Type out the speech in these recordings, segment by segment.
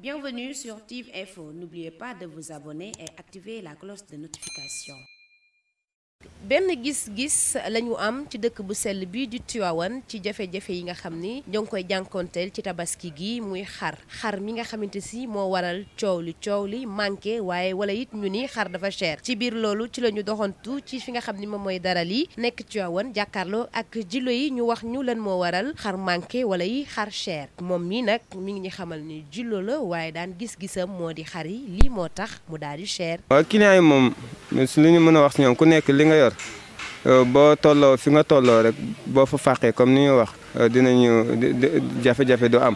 Bienvenue sur TIV N'oubliez pas de vous abonner et activer la cloche de notification. benn gis-gis la am ci dëkk bu sell bi di Tivaouane ci jafe-jafe yi nga xam ni ñoo ngi koy jànkonteel ci tabaski gi muy xar xar mi nga xamante si moo waral coow li coow li manqué waaye wala it ñu ni xar dafa cher ci biir loolu ci la ñu doxantu ci fi nga xam ni moom mooy dara lii nekk Tivaouane jàkkaarloo ak jilo yi ñu wax ñu lan moo waral xar manqué wala yi xar cher moom mi nag mi ngi ñu xamal ni jilo la waaye daan gis-gisam moo di xar yi lii moo tax mu daal di cher. waaw client yi moom mais su lu ñu mën a wax si ñoom ku nekk li nga yor euh, boo tolloo fi nga tolloo rek boo fa fàqee comme ni ñu wax euh, dinañu jafe-jafe du am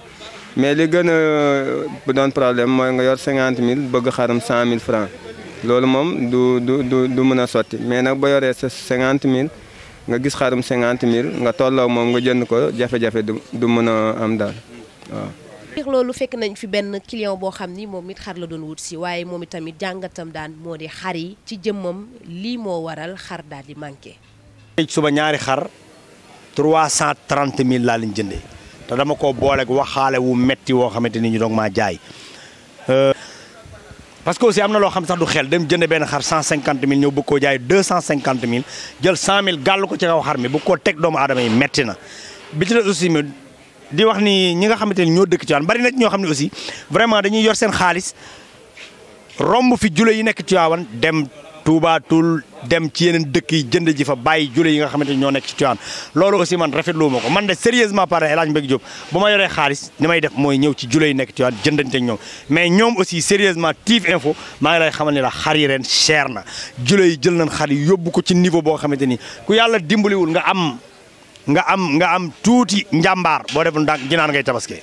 mais li gën a doon problème mooy nga yor cinquante bëgg xaram cent mille franc loolu moom du du du du mën a sotti mais nag ba yoree sa cinquante mille nga gis xarum cinquante nga tolloo moom nga jënd ko jafe-jafe du du mën am daal waaw ngir loolu fekk nañ fi benn client boo xam ni moom it xar la doon wut si waaye moom itamit jàngatam daan moo di xar yi ci jëmmam lii moo waral xar daal di manqué. suba ñaari xar 330 000 laa leen jëndee te dama ko booleeg waxaale wu metti woo xamante ni ñu doog maa jaay. Euh, parce que aussi am na loo xam sax du xel dem jënd benn xar 150 000 ñëw bëgg koo jaay 250 000 jël 100 000 gàll ko ci kaw xar mi bëgg koo teg doomu aadama yi metti na bi ci des aussi di wax ni ñi nga xamante ni ñoo dëkk Tivaouane bari na ñoo xam ne aussi vraiment dañuy yor seen xaalis romb fi jule yi nekk Tivaouane dem Touba Toul dem ci yeneen dëkk yi jënd ji fa bàyyi jule yi nga xamante ni ñoo nekk ci Tivaouane loolu aussi man rafetlu ma ko man de sérieusement par El Hadj Mbaye bu ma yoree xaalis ni may def mooy ñëw ci jule yi nekk Tivaouane jëndante ak ñoom mais ñoom aussi sérieusement TIV Info maa ngi lay xamal ni la xar yi ren cher na jule yi jël nañ xar yi yóbbu ko ci niveau boo xamante ni yàlla dimbaliwul nga am nga am nga am tuuti njàmbaar boo def ndànk ginaar ngay tabaske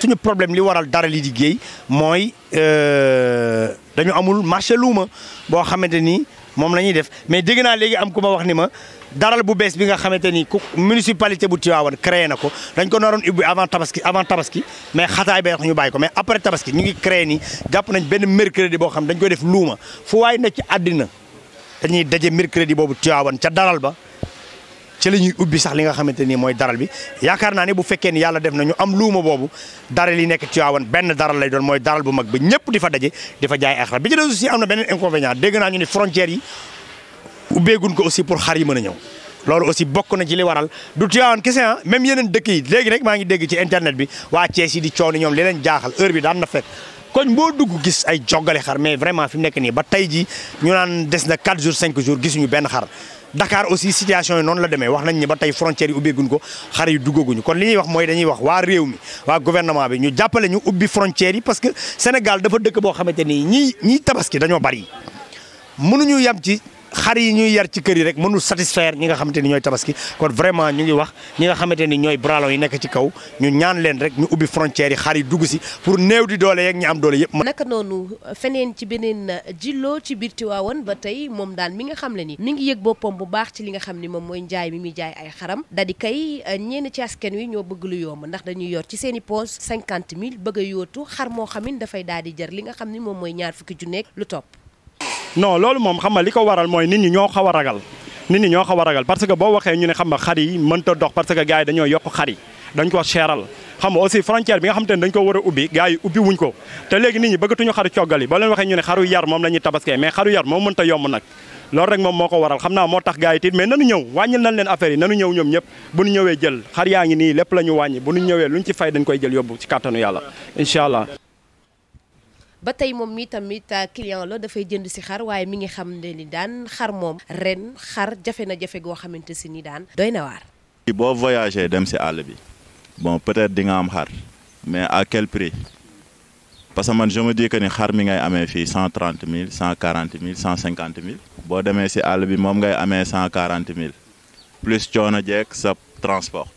suñu problème li waral dara di géey mooy euh, dañu amul marché luuma boo xamante ni moom la ñuy def mais dégg naa léegi am ku ma wax ni ma daral bu bees bi nga xamante ni ku municipalité bu Tivaouane créé na ko dañ ko naroon ubbi avant tabaski avant tabaski mais xataay bee ñu bàyyi ko mais après tabaski ñu ngi créé ni jàpp nañ benn mercredi boo xam dañ koy def luuma fu waay na ci àddina dañuy daje mercredi boobu Tivaouane ca daral ba ci la ñuy ubbi sax li nga xamante ni mooy daral bi yaakaar naa ne bu fekkee ni yàlla def na am luuma boobu daral yi nekk Tiwaawan benn daral lay doon mooy daral bu mag bi ñëpp di fa daje di fa jaay axra bi ci des aussi am na beneen inconvénient dégg naa ñu ni frontières yi ubbeegun ko aussi pour xar yi mën a ñëw loolu aussi bokk na ci li waral du Tiwaawan kese ah même yeneen dëkk yi léegi rek maa ngi dégg ci internet bi waa Thiès di coow ni ñoom li leen heure bi daan na fekk koñ boo dugg gis ay jogale xar mais vraiment fi nekk nii ba tey ji ñu naan des na 4 jours 5 jours gisuñu benn xar Dakar aussi situation yi noonu la demee wax nañ ni ba tey frontières yi ubbeeguñ ko xar yi duggaguñu kon li ñuy wax mooy dañuy wax waa réew mi waa gouvernement bi ñu jàppale ñu ubbi frontières yi parce que Sénégal dafa dëkk boo xamante ni ñi ñiy tabaski dañoo bari mënuñu yam ci. xar yi ñuy yar ci kër yi rek mënul satisfaire ñi nga xamante ni ñooy tabaski kon vraiment ñu ngi wax ñi nga xamante ni ñooy bralon yi nekk ci kaw ñu ñaan leen rek ñu ubbi frontières yi xar yi dugg si pour néew di doole yeeg ñi am doole yëpp. naka noonu feneen ci beneen jillo ci biir Tiwaawan ba tey moom daal mi nga xam le ni mi ngi yëg boppam bu baax ci li nga xam ni moom mooy njaay mi muy jaay ay xaram da di kay ñenn ci askan wi ñoo bëgg lu yomb ndax dañuy yor ci seen i poos cinquante mille bëgg yootu xar moo xam ne dafay daal di jar li nga xam ni moom mooy ñaar fukki ju nekk lu topp non loolu moom xam nga li ko waral mooy nit ñi ñoo xaw a ragal nit a ragal parce que boo waxee ñu ne xam nga xar yi mënta dox parce que gars yi dañoo yokk xar yi dañ ko seeral xam nga aussi frontière bi nga xam te ne dañ ko war a ubbi gars yi ubbi wuñ ko te léegi nit ñi bëggatuñu xaru coggal yi boo leen waxee ñu ne xaru yar moom la ñuy tabaskee mais xaru yar moom mënta yomb nag loolu rek moom moo ko waral xam naa moo tax gars yi tiit mais nanu ñëw wàññil nañ leen affaire yi nanu ñëw ñoom ñëpp bu la ñu wàññi bu ñu ñëwee luñ ci fay dañ koy jël yóbbu ci kàttanu Ah, si y voyagez, tamit client bon peut-être que nga mais à quel prix parce que je me dis que ni xar mi 130 000 140 000 150 000 Si démé ci all bi mom ngay 140 000 plus ciona c'est le transport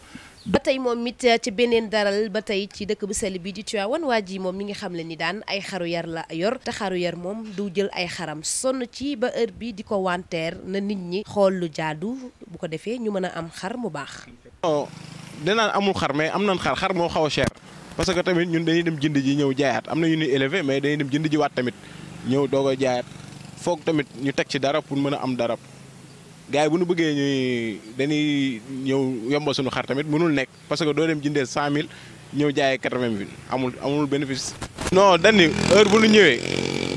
ba tey moom it eh, ci beneen daral ba tey ci dëkk bu sell bi di Tivaouane waa ji moom mi ngi xamle ni daan ay xaru yar la yor te xaru yar moom du jël ay xaram sonn ci ba heure bi di ko wanteer na nit ñi xool lu jaadu bu ko defee ñu mën a am xar mu baax. non dinaan amul xar mais am nañ xar xar moo xaw cher parce que tamit ñun dañuy dem jënd ji ñëw jaayaat am na ñu ñuy élevé mais dañuy dem jënd ji waat tamit ñëw doog a jaayaat foog tamit ñu teg ci dara pour mën a am dara. gars yi bu ñu bëggee ñuy dañuy ñëw yombal sunu xar tamit mënul nekk parce que doo dem jëndee cent mille ñëw jaaye quatre-vingt mille amul amul bénéfice. non dañ ni heure bu ñu ñëwee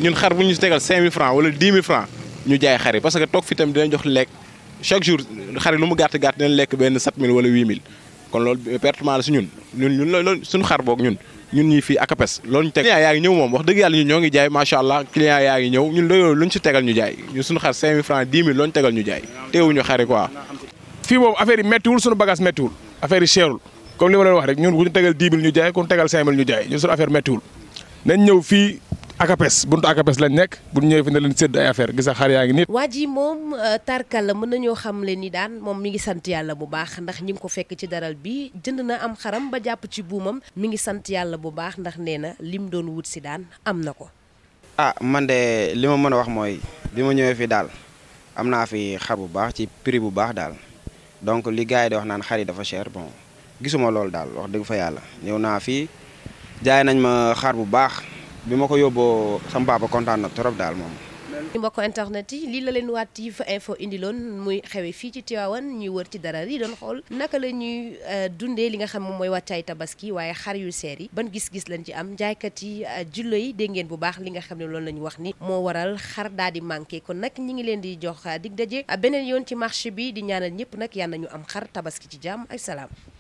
ñun xar bu ñu tegal cinq mille francs wala dix mille francs ñu jaay xar yi parce que toog fi tamit dinañ jox lekk chaque jour xar yi lu mu gàtt gàtt dinañ lekk benn sept mille wala huit mille kon loolu pertement la si ñun ñun ñun loolu suñu xar boog ñun. ñun ñii fii akapes loolu ñu teg client yaa ngi ñëw moom wax dëgg yàlla ñu ñoo ngi jaay macha allah client yaa ngi ñëw ñun loolu lu ñu si tegal ñu jaay ñun suñu xar 5000 francs 10 loolu ñu tegal ñu jaay teewuñu xari quoi fii moom affaire yi méttiwul suñu bagage méttiwul affaire comme li ma leen wax rek ñun bu ñu tegal 10 000 ñu jaay ku ñu tegal 5000 ñu jaay ñun suñu affaire méttiwul nañ ñëw fii akapes buntu akapes lañ nekk bu ñëwee fi ne leen sédd ay affaire gisa xar yaa ngi nit waa ji moom euh, tarkal la mën nañoo xam leen ni daan moom mi ngi sant yàlla bu baax ndax ñi ngi ko fekk ci daral bi jënd na am xaram ba jàpp ci buumam mi ngi sant yàlla bu baax ndax nee na lim doon wut si daan am na ko ah man de li ma mën a wax mooy bi ma ñëwee fii daal am naa fi xar bu baax ci prix bu baax daal donc li gars yi di wax naan xar yi dafa chair bon gisuma loolu daal wax dëgg fa yàlla ñëw naa fii jaay nañ ma xar bu baax bi ma ko yóbboo sama baaba kontaan na trop daal moom. ñu mbokk internet yi lii la leen waa TIV info indiloon muy xewe fii ci Tivaouane ñuy wër ci dara lii doon xool naka la ñuy euh, dundee li nga xam moom mooy wàccaay tabaski waaye xar yu seer yi ban gis-gis lañ ci am njaaykat yi euh, jullo yi dégg ngeen bu baax li nga xam ne loolu la ñu wax ni moo waral xar daal di manqué kon nag ñi ngi leen di jox euh, dig daje beneen yoon ci marché bi di ñaanal ñëpp nag yàlla nañu am xar tabaski ci jàmm ak salaam.